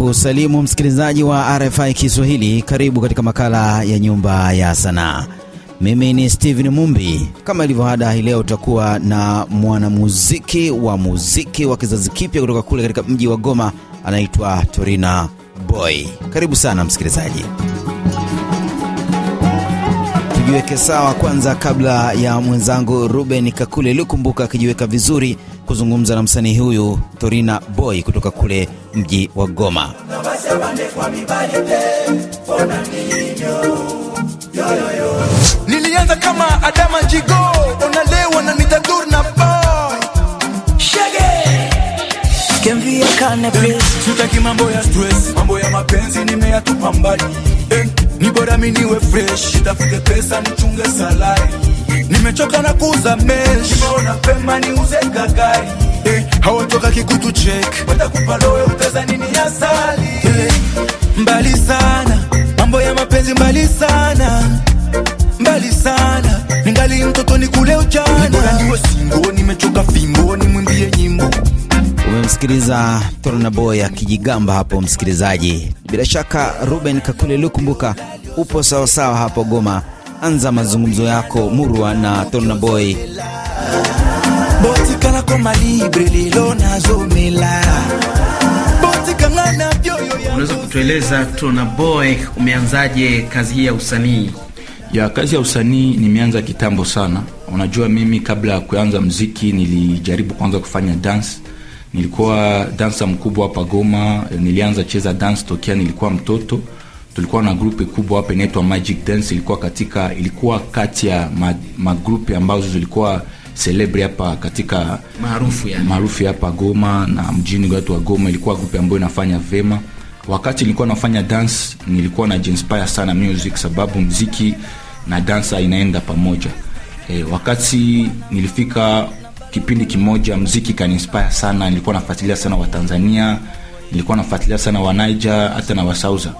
kusalimu msikilizaji wa RFI Kiswahili. Karibu katika makala ya Nyumba ya Sanaa. Mimi ni Steven Mumbi. Kama ilivyo ada, hii leo utakuwa na mwanamuziki wa muziki wa kizazi kipya kutoka kule katika mji wa Goma, anaitwa Torina Boy. Karibu sana msikilizaji, tujiweke sawa kwanza kabla ya mwenzangu Ruben Kakule iliyokumbuka akijiweka vizuri kuzungumza na msanii huyu Torina Boy kutoka kule mji wa Goma. Nilianza kama Adama Jigo, unalewa na nitadur na boy Kemvia kane please, sitaki mambo ya stress, mambo ya mapenzi nimeyatupa mbali. Ni bora mimi niwe fresh, nitafute pesa nichunge salari nimechoka na kuuza mesh, nimeona pema niuze gagari eh, hawatoka kikutu check, watakupa kupalowe utaza nini asali eh, mbali sana mambo ya mapenzi mbali sana mbali sana ningali mtoto ni kule ujana niwe singo nimechoka fimbo ni mwimbie nyimbo umemsikiliza Torna Boy akijigamba hapo msikilizaji bila shaka Ruben Kakule lukumbuka upo sawasawa hapo Goma anza mazungumzo yako murwa na Tonna Boy. Unaweza kutueleza Tonna Boy, umeanzaje kazi hii ya usanii? Ya kazi ya usanii nimeanza kitambo sana. Unajua, mimi kabla ya kuanza mziki nilijaribu kwanza kufanya dance. Nilikuwa dansa mkubwa hapa Goma, nilianza cheza dance tokea nilikuwa mtoto tulikuwa na grupe kubwa hapa inaitwa Magic Dance, ilikuwa katika ilikuwa kati ya magrupe ambazo zilikuwa celebre hapa katika maarufu yani, maarufu hapa Goma na mjini watu wa Goma. Ilikuwa grupe ambayo inafanya vema. Wakati nilikuwa nafanya dance, nilikuwa na inspire sana music, sababu mziki na dansa inaenda pamoja. E, wakati nilifika kipindi kimoja mziki kan inspire sana, nilikuwa nafuatilia sana Watanzania, nilikuwa nafuatilia sana wa Niger hata na wa Wasauza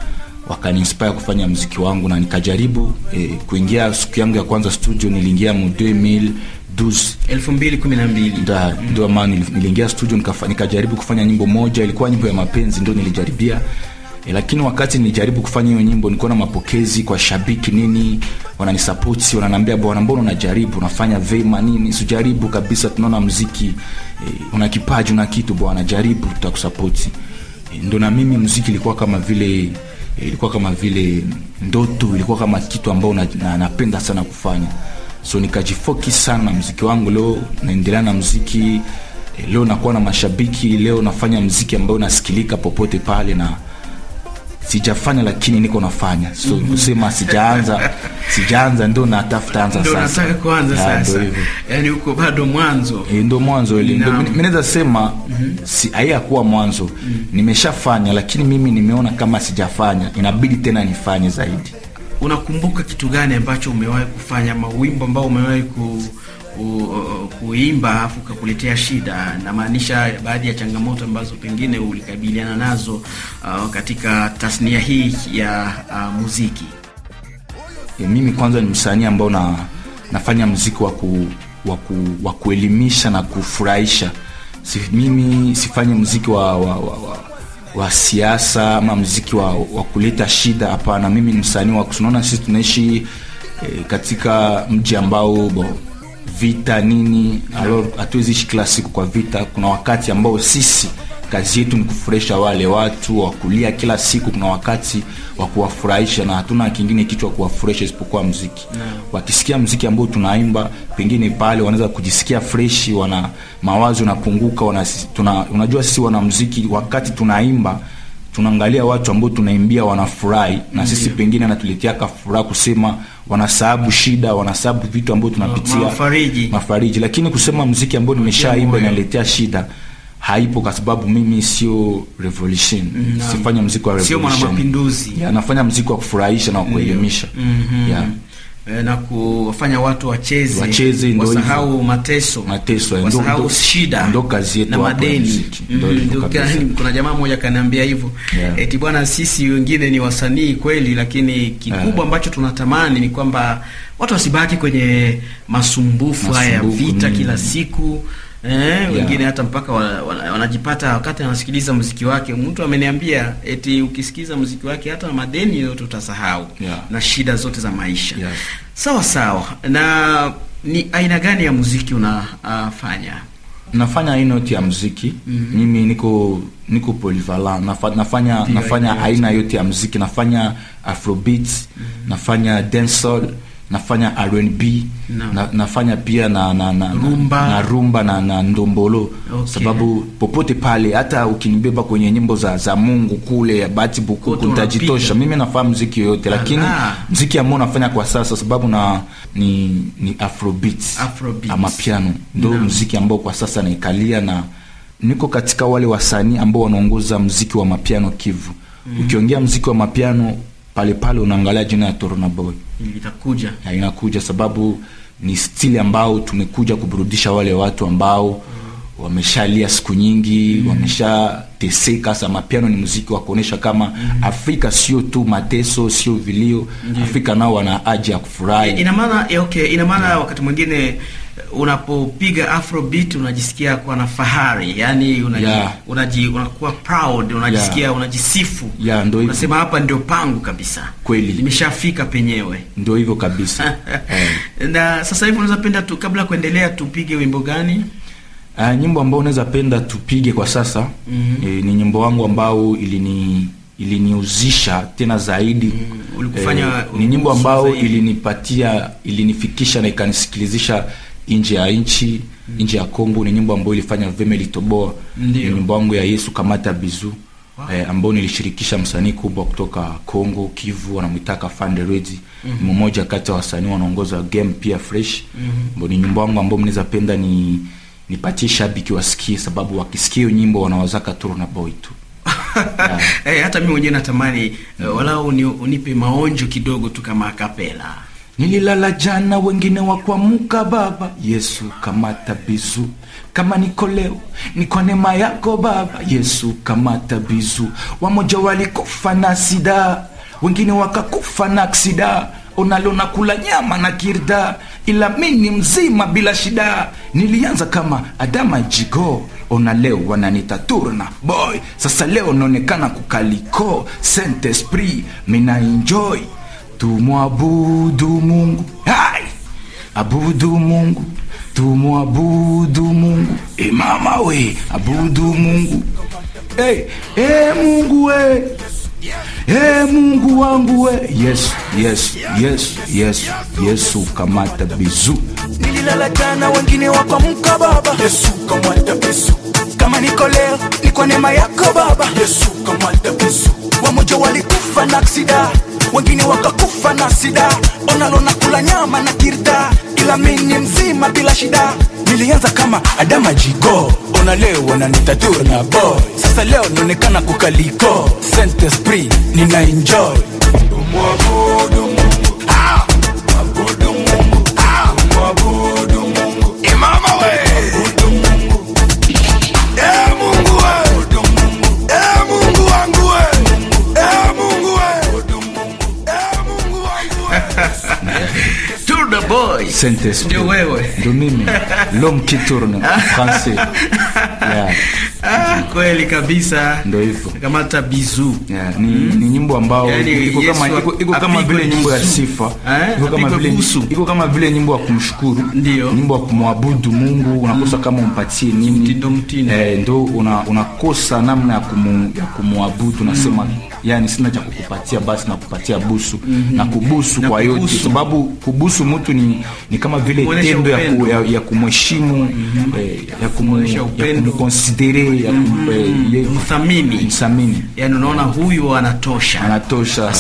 wakaninspire kufanya mziki wangu na nikajaribu e, kuingia. Siku yangu ya kwanza studio niliingia mu 2012 da mm. ndio mm. maana niliingia studio nikafanya, nikajaribu kufanya nyimbo moja, ilikuwa nyimbo ya mapenzi, ndio nilijaribia E, lakini wakati nilijaribu kufanya hiyo nyimbo nilikuwa na mapokezi kwa shabiki nini, wananisapoti wananiambia, bwana, mbona unajaribu unafanya vema nini, sijaribu kabisa, tunaona mziki e, eh, una kipaji una kitu bwana, jaribu, tutakusapoti e, ndo na mimi mziki ilikuwa kama vile ilikuwa kama vile ndoto, ilikuwa kama kitu ambao napenda na sana kufanya, so nikajifoki sana na muziki wangu. Leo naendelea na muziki, eh, leo nakuwa na mashabiki, leo nafanya muziki ambao nasikilika popote pale na sijafanya lakini niko nafanya so mm -hmm. kusema sijaanza sijaanza ndo natafuta anza sasa yani uko bado mwanzo e, eh, ndo mwanzo ile ndo mi naweza sema mm -hmm. si kuwa mwanzo mm -hmm. nimeshafanya lakini mimi nimeona kama sijafanya inabidi tena nifanye zaidi unakumbuka kitu gani ambacho umewahi kufanya mawimbo ambao umewahi ku ku, kuimba afu ukakuletea shida, namaanisha baadhi ya changamoto ambazo pengine ulikabiliana nazo uh, katika tasnia hii ya uh, muziki. E, mimi kwanza ni msanii ambao na, nafanya muziki wa ku, wa ku, wa kuelimisha na kufurahisha. Si, mimi sifanye muziki wa, wa, wa, wa wa siasa ama mziki wa, wa kuleta shida. Hapana, mimi ni msanii wa kusunaona. Sisi tunaishi e, katika mji ambao bo, vita nini, alors hatuwezi ishi kila siku kwa vita. Kuna wakati ambao sisi kazi yetu ni kufurahisha wale watu wa kulia kila siku, kuna wakati wa kuwafurahisha, na hatuna kingine kitu wa kuwafurahisha isipokuwa muziki. Wakisikia muziki ambao tunaimba, pengine pale wanaweza kujisikia freshi, wana mawazo napunguka, wana, tuna, unajua sisi wana muziki wakati tunaimba tunaangalia watu ambao tunaimbia wanafurahi na Ndiyo. sisi pengine anatuletiaka furaha kusema wanasahabu shida, wanasahabu vitu ambavyo tunapitia mafariji. mafariji lakini kusema mziki ambao nimeshaimba inaletea shida haipo, kwa sababu mimi sio revolution sifanya mziki wa revolution, sio mwanamapinduzi, nafanya mziki wa kufurahisha na wa kuelimisha mhm. yeah. Eh, na kufanya watu wacheze wacheze, wasahau mateso, mateso wasahau shida ndo kazi yetu na madeni. Mm, kuna jamaa mmoja kaniambia hivyo yeah. Eti bwana, sisi wengine ni wasanii kweli, lakini kikubwa yeah. ambacho tunatamani ni kwamba watu wasibaki kwenye masumbufu, masumbufu haya ya vita mm. kila siku Eh, wengine hata mpaka wanajipata wana, wana wakati anasikiliza mziki wake. Mtu ameniambia eti ukisikiliza muziki wake hata madeni yote utasahau yeah. na shida zote za maisha yes. sawa sawa. Na ni aina gani ya muziki unafanya? Uh, nafanya aina yote ya muziki mm -hmm. mimi niko niko polyvalent nafanya nafanya aina yote ya muziki, nafanya afrobeat mm -hmm. nafanya dancehall nafanya rnb no. na, nafanya pia na, na, na rumba na, rumba na, na ndombolo okay. Sababu popote pale hata ukinibeba kwenye nyimbo za, za Mungu kule ya bati bukuku nitajitosha mimi, nafaa mziki yoyote, lakini mziki ambao nafanya kwa sasa sababu na ni, ni afrobeat, Afro ama piano ndo no. mziki ambao kwa sasa naikalia na niko katika wale wasanii ambao wanaongoza mziki wa mapiano Kivu mm. Ukiongea mziki wa mapiano pale pale unaangalia jina ya Torna Boy ya inakuja sababu ni stili ambao tumekuja kuburudisha wale watu ambao wameshalia siku nyingi mm. wameshateseka. Sa mapiano ni muziki wa kuonesha kama mm. Afrika sio tu mateso, sio vilio Afrika nao wana haja ya kufurahi. Ina maana eh, okay, ina maana yeah. wakati mwingine unapopiga afrobeat unajisikia kuwa na fahari, yani unaji, yeah. unaji unakuwa proud, unajisikia yeah. unajisifu yeah, ndio hivyo. Unasema hapa ndio pangu kabisa, kweli nimeshafika penyewe, ndio hivyo kabisa yeah. Na sasa hivi unaweza penda tu, kabla kuendelea, tupige wimbo gani? Uh, nyimbo ambayo unaweza penda tupige kwa sasa mm -hmm. E, ni nyimbo wangu ambao ilini iliniuzisha tena zaidi mm, ulikufanya, eh, ni nyimbo ambao ilinipatia ilinifikisha na ikanisikilizisha nje ya nchi nje ya Kongo. Ni nyimbo ambayo ilifanya vema, ilitoboa. Ni nyimbo yangu ya Yesu Kamata Bizu wow. eh, ambayo nilishirikisha msanii kubwa kutoka Kongo Kivu, wanamwitaka Fande Redi mm -hmm. mmoja kati ya wasanii wanaongoza game pia fresh mm -hmm. ni nyimbo yangu ambayo mnaweza penda ni nipatie shabiki wasikie, sababu wakisikia hiyo nyimbo wanawazaka turu na boy tu yeah. Hey, hata mimi mwenyewe natamani mm -hmm. walau unipe maonjo kidogo tu kama akapela Nililala jana, wengine wa kuamka. Baba Yesu, kamata bizu, kama niko leo ni kwa neema yako. Baba Yesu, kamata bizu. Wamoja walikufa na sida, wengine wakakufa na ksida Unalo na kula nyama na kirda, ila ni mzima bila shida. Nilianza kama Adama Jigo, ona leo wananita turna boy. Sasa leo naonekana kukaliko Saint Esprit, mina enjoy tumwabudu Mungu hai, abudu Mungu, tumwabudu Mungu e mama we, abudu Mungu hey, hey Mungu we hey, Mungu wangu we, yes yes yes yes Yesu, kamata bizu. Nililala jana, wengine wakamka Baba. Yesu, kamata bizu. Kama niko leo ni kwa neema yako Baba. Yesu, kamata bizu. Wamoja walikufa na aksida wengine wakakufa na sida, onalo na kula nyama na kirda, ila mini mzima bila shida. Nilianza kama Adama Jigo, ona leo wananitatua na boy, sasa leo naonekana kukaliko Saint Esprit, nina enjoy Mungu, mwabudu Mungu, ah! ah! Mungu, imama we Saint-Esprit. le ouais, L'homme qui tourne. Français. Ah, kweli kabisa. Ndio hivyo. Kamata bizu. Yeah, ni, mm. ni nyimbo ambayo iko kama iko, kama vile nyimbo ya sifa. Eh, iko kama vile iko kama vile nyimbo ya kumshukuru. Ndio. Nyimbo ya kumwabudu Mungu unakosa mm. kama umpatie nini. Eh, ndio una, unakosa namna ya kumu, ya kumwabudu nasema mm. yani sina cha kukupatia basi na kupatia busu mm -hmm. na kubusu na kwa yote sababu kubusu mtu ni, ni kama vile tendo ya, ku, ya, ya kumheshimu mm -hmm. eh, ya kumkonsidere kweli kumthamini mm-hmm. yani unaona huyu anatosha, anatosha.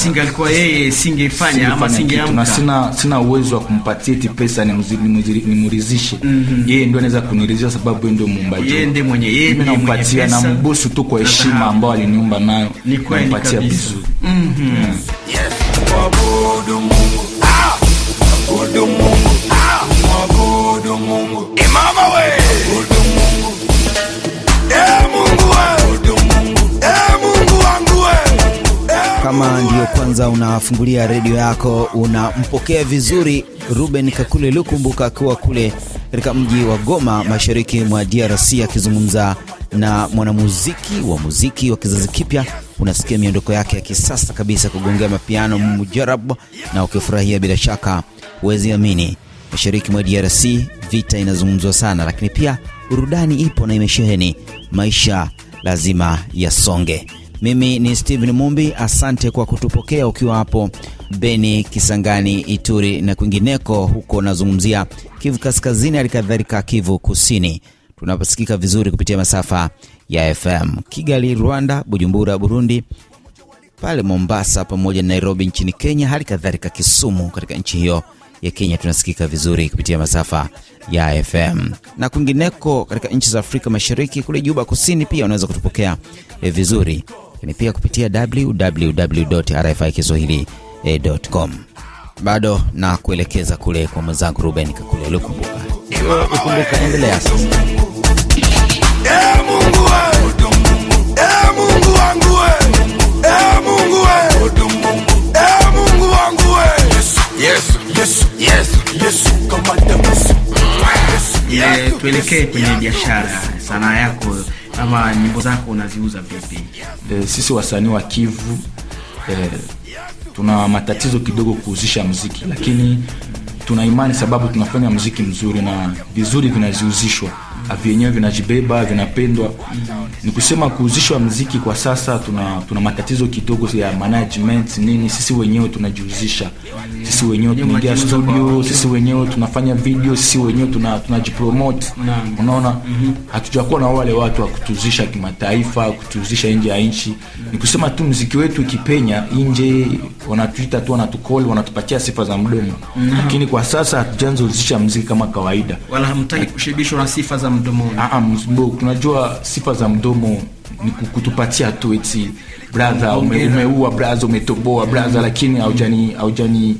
yeye singefanya ama singeamka, na sina sina uwezo wa kumpatia eti pesa nimridhishe mm-hmm. yeye, ndio anaweza kuniridhisha, sababu ndio muumbaji, yeye ndiye mwenye, yeye ndiye nampatia na mbusu tu kwa heshima ambayo aliniumba nayo, nampatia vizuri. Kama ndiyo kwanza unafungulia redio yako, unampokea vizuri Ruben Kakule Lukumbuka akiwa kule katika mji wa Goma, mashariki mwa DRC, akizungumza na mwanamuziki wa muziki wa kizazi kipya. Unasikia miondoko yake ya kisasa kabisa, kugongea mapiano mujarab, na ukifurahia bila shaka, huweziamini Mashariki mwa DRC vita inazungumzwa sana, lakini pia burudani ipo na imesheheni, maisha lazima yasonge. Mimi ni Steven Mumbi, asante kwa kutupokea ukiwa hapo Beni, Kisangani, Ituri na kwingineko huko. Nazungumzia Kivu Kaskazini, halikadhalika Kivu Kusini. tunaposikika vizuri kupitia masafa ya FM Kigali, Rwanda, Bujumbura, Burundi, pale Mombasa pamoja na Nairobi nchini Kenya, hali kadhalika Kisumu katika nchi hiyo ya Kenya tunasikika vizuri kupitia masafa ya FM na kwingineko katika nchi za Afrika Mashariki. Kule Juba Kusini pia unaweza kutupokea eh, vizuri, lakini pia kupitia www.rfikiswahili.com. Bado na kuelekeza kule kwa mwenzangu Ruben Kakule alikumbuka ukumbuka, endelea eh, eh, eh, sasa. Eh, tuelekee kwenye biashara, sanaa yako ama nyimbo zako unaziuza vipi? E, sisi wasanii wa Kivu e, tuna matatizo kidogo kuuzisha mziki, lakini tuna imani sababu tunafanya mziki mzuri na vizuri vinaziuzishwa vyenyewe vinajibeba vinapendwa. Ni kusema kuuzishwa mziki kwa sasa tuna, tuna matatizo kidogo ya management nini. Sisi wenyewe tunajiuzisha sisi wenyewe tunaingia studio, sisi wenyewe tunafanya video, sisi wenyewe tunajipromote, tuna unaona, hatujakuwa na wale watu wa kutuuzisha kimataifa, kutuuzisha nje ya nchi. Ni kusema tu mziki wetu ikipenya nje, wanatuita tu, wanatukoli, wanatupatia sifa za mdomo, lakini kwa sasa hatujanza uzisha mziki kama kawaida, wala hamtaki kushibishwa na sifa za za mdomoni? Ah, ah, sifa za mdomo ni kutupatia tu eti braha, umeua braha, umetoboa braha, lakini haujani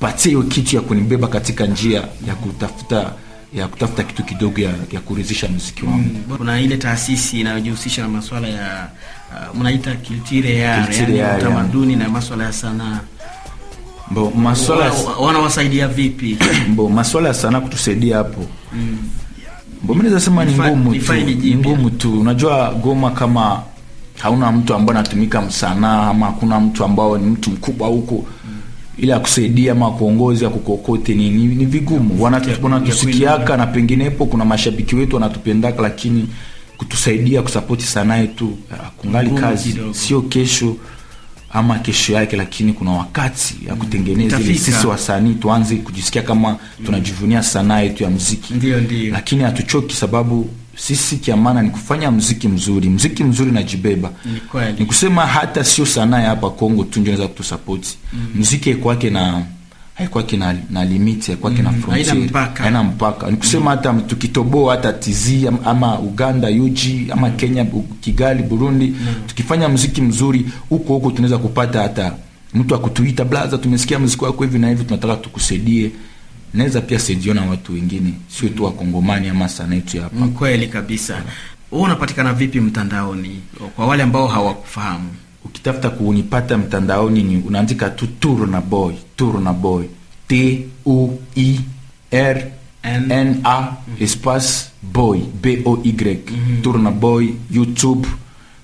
patia hiyo kitu ya kunibeba katika njia ya kutafuta ya kutafuta kitu kidogo ya, ya kuridhisha muziki wangu. Mm, kuna ile taasisi inayojihusisha na masuala ya uh, mnaita kiltire ya utamaduni na masuala ya sanaa. Mbo masuala wanawasaidia vipi? Mbo masuala ya sanaa kutusaidia hapo. Mm. Mbona naweza sema ni ngumu tu, ni ngumu tu. Unajua Goma kama hauna mtu ambaye anatumika msanaa ama hakuna mtu ambao ni mtu mkubwa huko ila akusaidia ama kuongoza kukokote ni, ni, ni vigumu. Wanatusikiaka na penginepo, kuna mashabiki wetu wanatupendaka, lakini kutusaidia kusapoti sanaa yetu kungali kazi, sio kesho ama kesho yake, lakini kuna wakati ya kutengeneza ili sisi wasanii tuanze kujisikia kama tunajivunia sanaa yetu ya muziki. Ndio, ndio. Lakini hatuchoki sababu sisi kia maana ni kufanya mziki mzuri, mziki mzuri najibeba, ni kusema hata sio sanaa ya hapa Kongo tu ndio inaweza kutusapoti mziki mm. kwake na haikwake na, na mm, na haina mpaka ni kusema mm. hata mm. tukitoboa hata tizi ama Uganda yuji ama mm. Kenya Kigali Burundi mm. tukifanya mziki mzuri huko huko tunaweza kupata hata mtu akutuita blaza, tumesikia mziki wako hivi na hivi, tunataka tukusaidie naweza pia na watu wengine, sio tu wakongomani ama yetu hapa. Kweli kabisa. Wewe unapatikana vipi mtandaoni kwa wale ambao hawakufahamu? ukitafuta kunipata mtandaoni ni unaandika tu na Boy, na Boy, T U I R N N A mm -hmm. espace boy B O Y mm -hmm. Boy YouTube,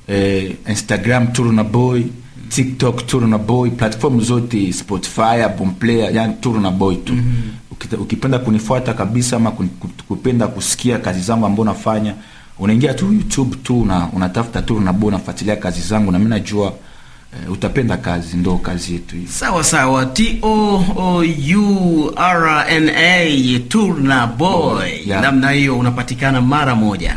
eh, Instagram na Boy TikTok na Boy, platform zote Spotify, Bonplayer, yani na Boy tu mm -hmm. Ukipenda kunifuata kabisa ama kupenda kusikia kazi zangu ambao nafanya unaingia tu YouTube tu una, unatafuta tu unabo unafuatilia kazi zangu, na mimi najua uh, utapenda kazi, ndo kazi yetu hii. Sawa sawa, T O O U R N A Turna Boy, yeah. Namna hiyo unapatikana mara moja.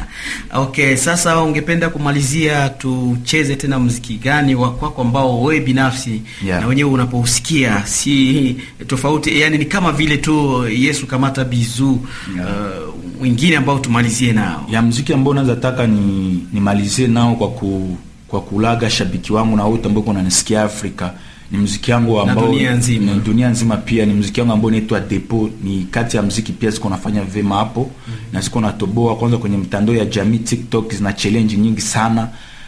Okay, sasa ungependa kumalizia, tucheze tena mziki gani wa kwako ambao wewe binafsi yeah. na wenyewe unapousikia si tofauti, yani ni kama vile tu Yesu kamata bizu yeah. uh, mwingine ambao tumalizie nao ya muziki ambao naweza taka ni nimalizie nao kwa ku, kwa kulaga shabiki wangu na wote ambao kunanisikia Afrika ni muziki wangu ambao dunia nzima. dunia nzima pia ni muziki wangu ambao unaitwa Depo. Ni kati ya muziki pia ziko nafanya vema hapo mm -hmm. na ziko natoboa kwanza kwenye mtandao ya jamii TikTok, zina challenge nyingi sana,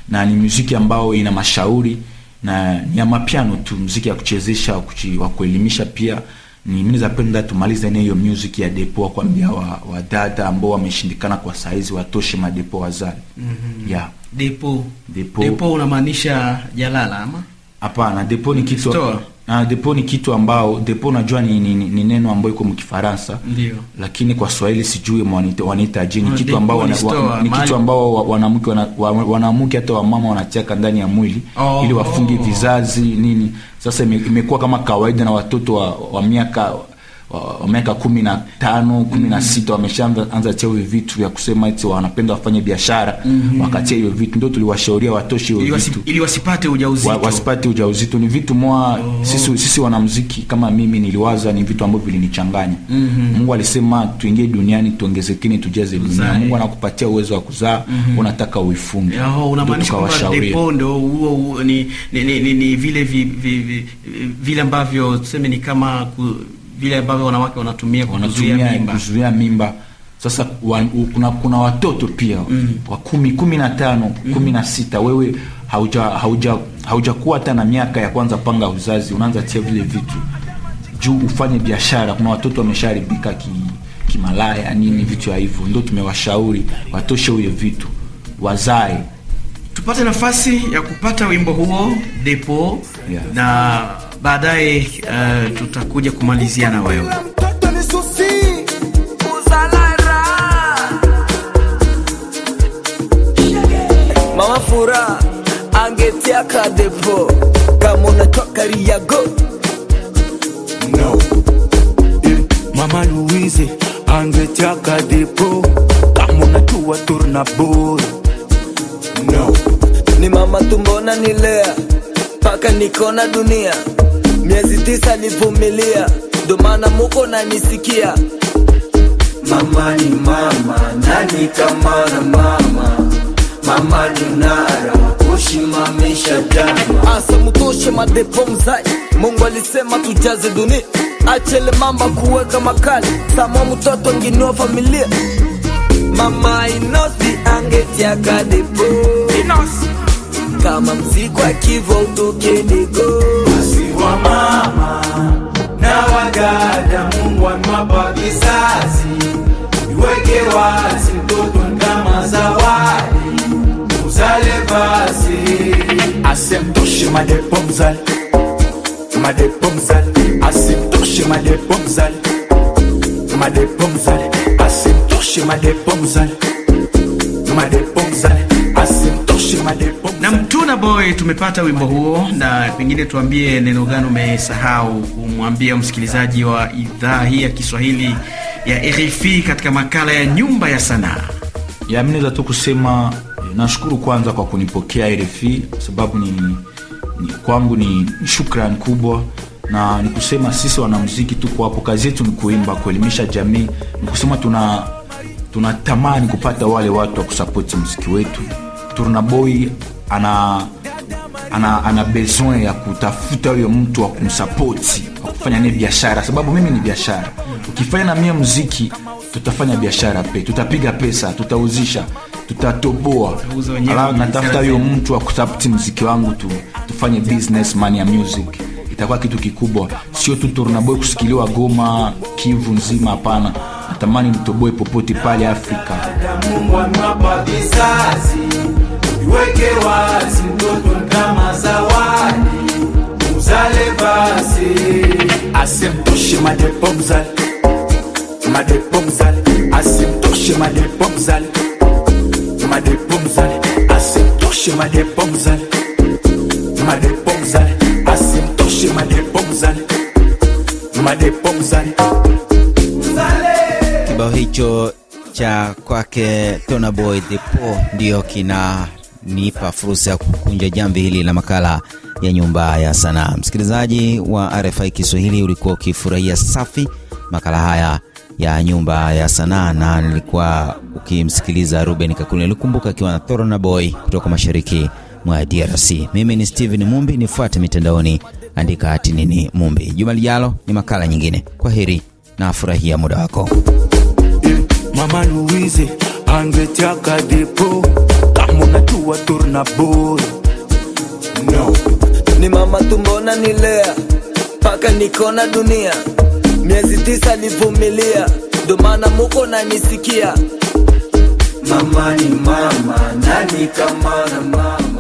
na ni muziki ambao ina mashauri na ni ya mapiano tu, muziki ya kuchezesha wa kuelimisha pia Nimineza penda tumalize hiyo music ya depo mbia wa, wa dada ambao wameshindikana kwa saizi watoshe madepo wazali. mm -hmm. yeah. Depo, depo, depo unamaanisha jalala ama? Hapana, depo ni kitu na depo ni kitu ambao depo najua ni, ni, ni neno ambayo iko mkifaransa lakini kwa Swahili sijui wanita je, ni kitu ambao wana, wa, ni kitu ambao wanamke wanamke hata wamama wanacheka ndani ya mwili oh, ili wafunge oh, vizazi nini. Sasa imekuwa kama kawaida na watoto wa, wa miaka uh, miaka kumi na tano kumi na sita mm-hmm. wameshaanza chea hivyo vitu vya kusema ti wanapenda wafanye biashara mm -hmm. wakachea hivyo vitu, ndo tuliwashauria watoshe hivyo vitu ili wasipate ujauzito wa, wasipate ujauzito ni vitu mwa oh. sisi, sisi wanamuziki kama mimi niliwaza ni vitu ambavyo vilinichanganya mm -hmm. Mungu alisema tuingie duniani tuongezekeni tujaze dunia. Zai. Mungu anakupatia uwezo wa kuzaa mm -hmm. unataka uifunge, unamaanisha ndo huo ni, ni, ni, ni, ni vile vi, vi, vi, vile ambavyo tuseme ni kama ku, vile ambavyo wanawake wanatumia kuzuia mimba, kuzuia mimba. Sasa wan, kuna, kuna watoto pia mm. wa kumi kumi na tano mm. kumi na sita wewe haujakuwa hauja, hata na miaka ya kwanza panga uzazi, unaanza tia vile vitu juu ufanye biashara. Kuna watoto wameshaharibika ki, kimalaya nini mm. vitu ya hivyo, ndio tumewashauri watoshe huyo vitu wazae. Tupate nafasi ya kupata wimbo huo depo yeah. na baadaye uh, tutakuja kumalizia na wewe. Mama Fura angetia kadepo kama unatoka Riago no. Eh, mama Louise angetia kadepo kama unatua turna Turnabur no. Ni mama tumbona nilea paka nikona dunia miezi tisa nivumilia, ndo maana muko nanisikia. Mama ni mama, nani kama na mama? Mama ni nara kushimamisha dama, asa mutoshe madepo mzai. Mungu alisema tujaze dunia, achele mamba kuweka makali, sama mutoto nginua familia. Mama Inosi angetiaka depo kama mziko akivo utukenigo mama na wadada, Mungu amewapa kizazi, iweke wazi mtoto kama zawadi, uzale basi asimtoshe madepo mzali madepo mzali asimtoshe madepo mzali madepo mzali asimtoshe madepo mzali madepo mzali Mtuna Boy tumepata wimbo huo, na pengine tuambie neno gani umesahau kumwambia msikilizaji wa idhaa hii ya Kiswahili ya RFI katika makala ya nyumba ya sanaa. Ya mimi naweza tu kusema nashukuru kwanza kwa kunipokea RFI, sababu ni, ni kwangu ni shukrani kubwa na ni kusema sisi wanamuziki tuko hapo, kazi yetu ni kuimba, kuelimisha jamii. Ni kusema tuna tunatamani kupata wale watu wa kusapoti muziki wetu. Turnaboy ana ana, ana besoin ya kutafuta huyo mtu wa kumsapoti wa kufanya naye biashara, sababu mimi ni biashara. Ukifanya na mie muziki, tutafanya biashara pe, tutapiga pesa, tutauzisha, tutatoboa. Alafu natafuta huyo mtu wa kusapoti muziki wangu tu, tufanye business man ya music itakuwa kitu kikubwa, sio tu Turnaboy kusikiliwa Goma, Kivu nzima. Hapana, natamani nitoboe popote pale Afrika iweke wazi mtoto kama zawadi, uzale basi, asimtoshe madepo mzali madepo mzali, asimtoshe madepo mzali madepo mzali, asimtoshe madepo mzali madepo mzali, asimtoshe madepo mzali madepo mzali kibao hicho cha kwake Tonaboy Depo ndio kina kunipa fursa ya kukunja jambi hili la makala ya Nyumba ya Sanaa. Msikilizaji wa RFI Kiswahili, ulikuwa ukifurahia safi makala haya ya Nyumba ya Sanaa, na nilikuwa ukimsikiliza Ruben Kakule alikumbuka akiwa na Thorna Boy kutoka mashariki mwa DRC. Mimi ni stehen Mumbi, nifuate mitandaoni, andika hati nini Mumbi. Juma lijalo ni makala nyingine. Kwa heri na furahia muda wako. Mama tu aturna no. Ni mama tumbona nilea mpaka nikona dunia, miezi tisa nivumilia, ndo maana muko nanisikia. Mama ni mama, nani kama mama